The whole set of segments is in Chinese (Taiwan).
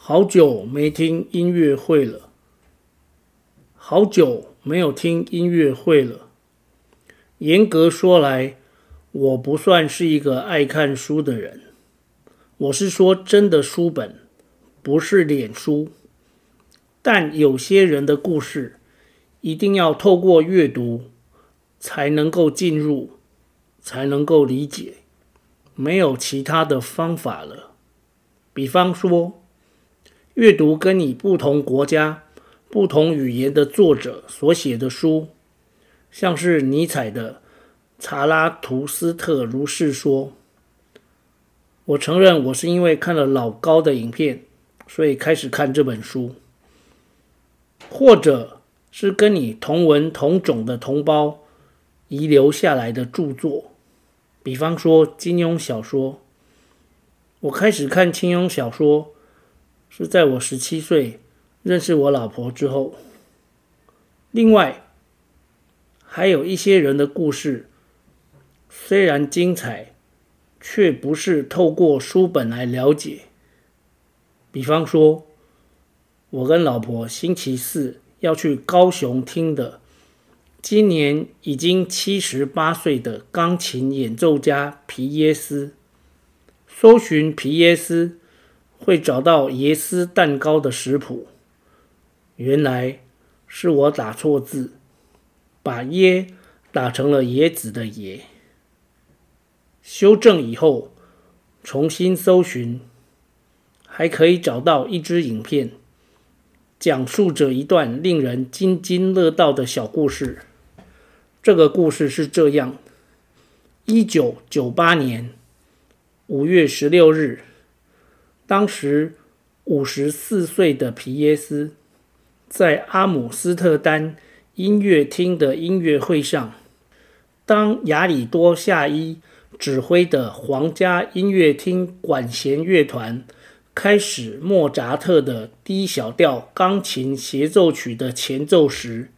好久沒聽音樂會了，好久沒有聽音樂會了。嚴格說來，我不算是一個愛看書的人。我是說真的書本，不是臉書。但有些人的故事，一定要透過閱讀才能夠進入，才能夠理解。沒有其他的方法了。比方說。閱讀跟你不同國家、不同語言的作者所寫的書，像是尼采的《查拉圖斯特如是說》。我承認，我是因為看了老高的影片，所以開始看這本書。或者是跟你同文同種的同胞遺留下來的著作，比方說金庸小說。我開始看金庸小說。是在我十七歲認識我老婆之後。另外，還有一些人的故事，雖然精彩，卻不是透過書本來了解。比方說，我跟老婆星期四要去高雄聽的，今年已經七十八歲的鋼琴演奏家皮耶絲。搜尋皮耶絲。會找到椰絲蛋糕的食譜。原來是我打錯字，把“椰”打成了“椰子”的“椰”。修正以後，重新搜尋，還可以找到一支影片，講述着一段令人津津樂道的小故事。這個故事是這樣：一九九八年五月十六日。當時五十四歲的皮耶斯在阿姆斯特丹音樂廳的音樂會上，當亞里多夏伊指揮的皇家音樂廳管弦樂團開始莫扎特的 D 小調鋼琴協奏曲的前奏時，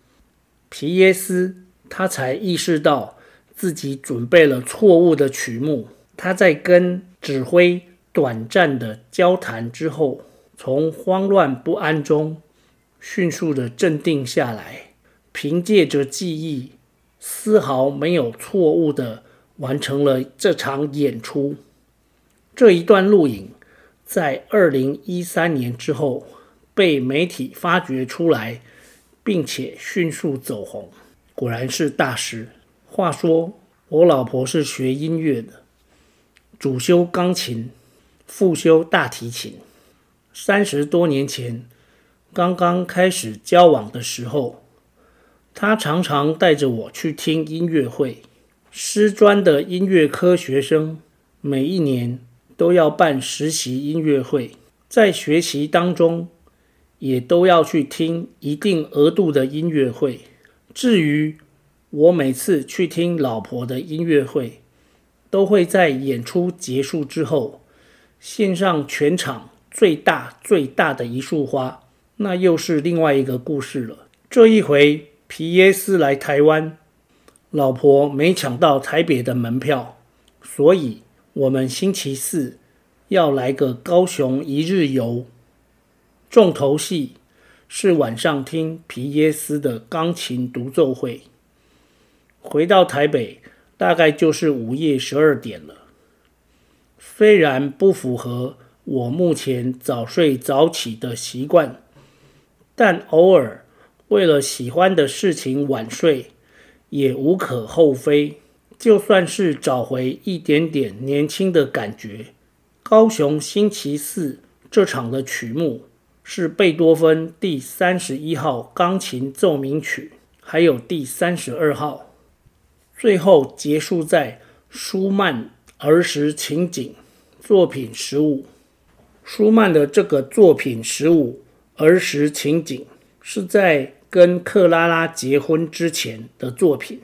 皮耶斯他才意識到自己準備了錯誤的曲目。他在跟指揮。短暫的交談之後，從慌亂不安中迅速的鎮定下來，憑借着記憶，絲毫沒有錯誤的完成了這場演出。這一段錄影在二零一三年之後被媒體發掘出來，並且迅速走紅。果然是大師。話說，我老婆是學音樂的，主修鋼琴。輔修大提琴。三十多年前，剛剛開始交往的時候，他常常帶着我去聽音樂會。師專的音樂科學生每一年都要辦實習音樂會，在學習當中也都要去聽一定額度的音樂會。至於我每次去聽老婆的音樂會，都會在演出結束之後。獻上全場最大最大的一束花，那又是另外一個故事了。這一回皮耶絲來台灣，老婆沒搶到台北的門票，所以我們星期四要來個高雄一日遊。重頭戲是晚上聽皮耶絲的鋼琴獨奏會。回到台北，大概就是午夜十二點了。雖然不符合我目前早睡早起的習慣，但偶爾為了喜歡的事情晚睡也無可厚非。就算是找回一點點年輕的感覺。高雄星期四這場的曲目是貝多芬第三十一號鋼琴奏鳴曲，還有第三十二號，最後結束在舒曼兒時情景。作品十五，舒曼的這個作品十五兒時情景是在跟克拉拉結婚之前的作品。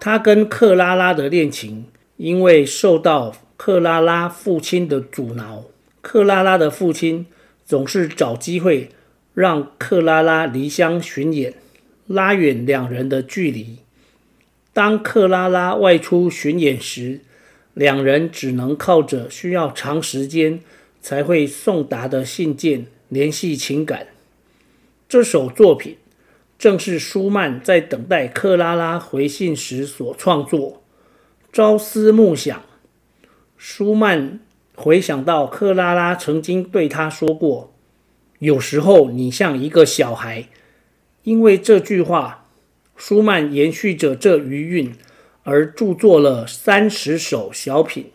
他跟克拉拉的戀情因為受到克拉拉父親的阻撓，克拉拉的父親總是找機會讓克拉拉離鄉巡演，拉遠兩人的距離。當克拉拉外出巡演時，兩人只能靠着需要長時間才會送達的信件聯繫情感。這首作品正是舒曼在等待克拉拉回信時所創作，《朝思暮想》。舒曼回想到克拉拉曾經對他說過：“有時候你像一個小孩。”因為這句話，舒曼延續着這餘韻。而著作了三十首小品，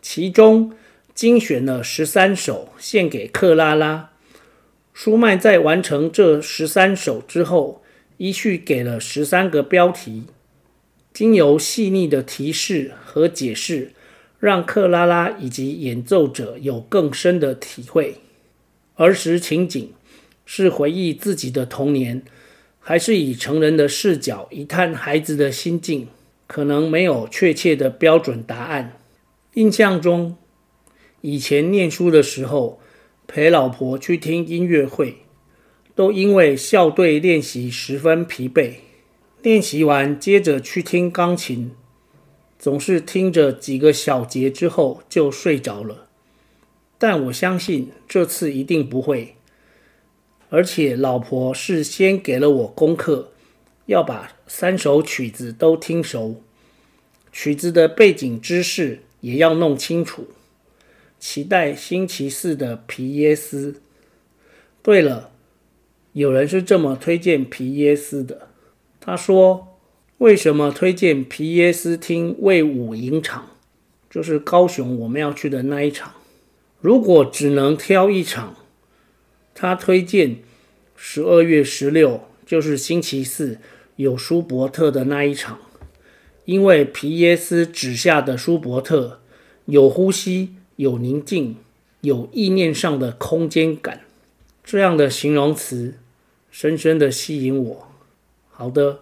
其中精選了十三首獻給克拉拉。舒曼在完成這十三首之後，依序給了十三個標題，經由細膩的提示和解釋，讓克拉拉以及演奏者有更深的體會。兒時情景，是回憶自己的童年，還是以成人的視角一探孩子的心境？可能沒有確切的標準答案。印象中，以前念書的時候，陪老婆去聽音樂會，都因為校隊練習十分疲憊，練習完接着去聽鋼琴，總是聽着幾個小節之後就睡着了。但我相信這次一定不會，而且老婆事先給了我功課。要把三首曲子都聽熟，曲子的背景知識也要弄清楚。期待星期四的皮耶絲。對了，有人是這麼推薦皮耶絲的。他說：“為什麼推薦皮耶絲聽衛武營場？就是高雄我們要去的那一場。如果只能挑一場，他推薦十二月十六，就是星期四。”有舒伯特的那一場，因為皮耶絲指下的舒伯特有呼吸、有寧靜、有意念上的空間感，這樣的形容詞深深的吸引我。好的，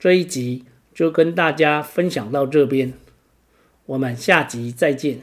這一集就跟大家分享到這邊，我們下集再見。